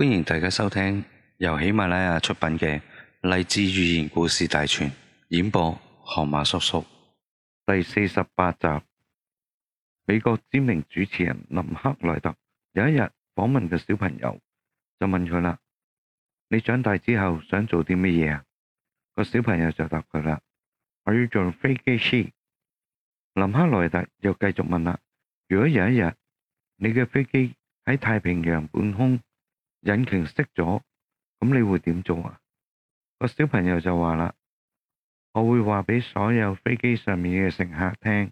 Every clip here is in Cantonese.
歡迎大家收聽由喜馬拉雅出品嘅《勵志寓言故事大全》演播，河馬叔叔第四十八集。美國知名主持人林克萊特有一日訪問嘅小朋友，就問佢啦：，你長大之後想做啲乜嘢啊？個小朋友就答佢啦：，我要做飛機師。林克萊特又繼續問啦：，如果有一日你嘅飛機喺太平洋半空，引擎熄咗，咁你會點做啊？個小朋友就話啦：，我會話畀所有飛機上面嘅乘客聽，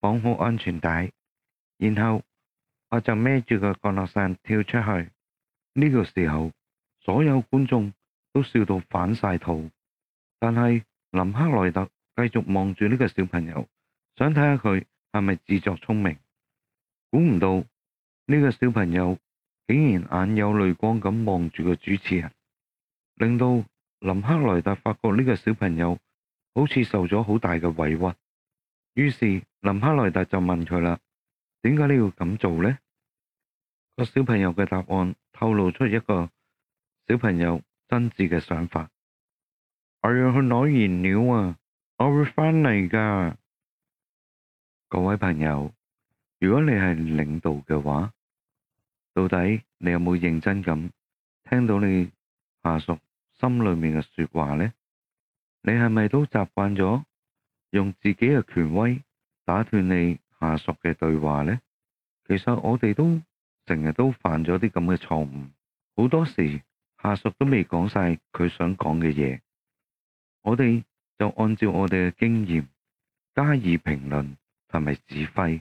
綁好安全帶，然後我就孭住個降落傘跳出去。呢個時候，所有觀眾都笑到反晒肚，但係林克萊特繼續望住呢個小朋友，想睇下佢係咪自作聰明。估唔到呢個小朋友。竟然眼有淚光咁望住個主持人，令到林克萊特發覺呢個小朋友好似受咗好大嘅委屈。於是林克萊特就問佢啦，點解你要咁做咧？個小朋友嘅答案透露出一個小朋友真摯嘅想法。我要去攞燃料啊！我會返嚟噶。各位朋友，如果你係領導嘅話，到底你有冇認真咁聽到你下屬心裏面嘅說話呢？你係咪都習慣咗用自己嘅權威打斷你下屬嘅對話呢？其實我哋都成日都犯咗啲咁嘅錯誤，好多時下屬都未講晒佢想講嘅嘢，我哋就按照我哋嘅經驗加以評論同埋指揮。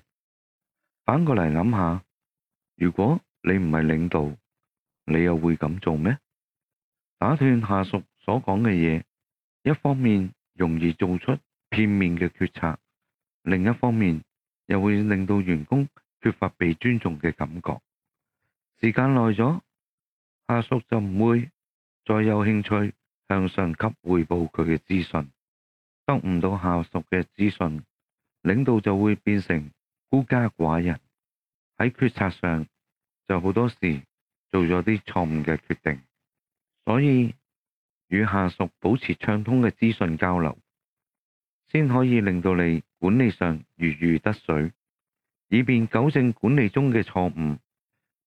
反過嚟諗下，如果你唔係領導，你又會咁做咩？打斷下屬所講嘅嘢，一方面容易做出片面嘅決策，另一方面又會令到員工缺乏被尊重嘅感覺。時間耐咗，下屬就唔會再有興趣向上級匯報佢嘅資訊。得唔到下屬嘅資訊，領導就會變成孤家寡人，喺決策上。就好多事做咗啲錯誤嘅決定，所以與下屬保持暢通嘅資訊交流，先可以令到你管理上如魚得水，以便糾正管理中嘅錯誤，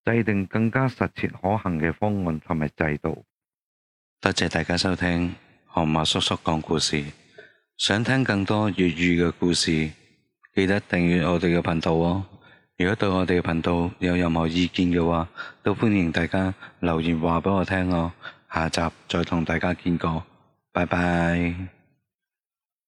制定更加實切可行嘅方案同埋制度。多謝大家收聽河馬叔叔講故事，想聽更多粵語嘅故事，記得訂閱我哋嘅頻道哦。如果對我哋嘅頻道有任何意見嘅話，都歡迎大家留言話畀我聽咯。下集再同大家見過，拜拜。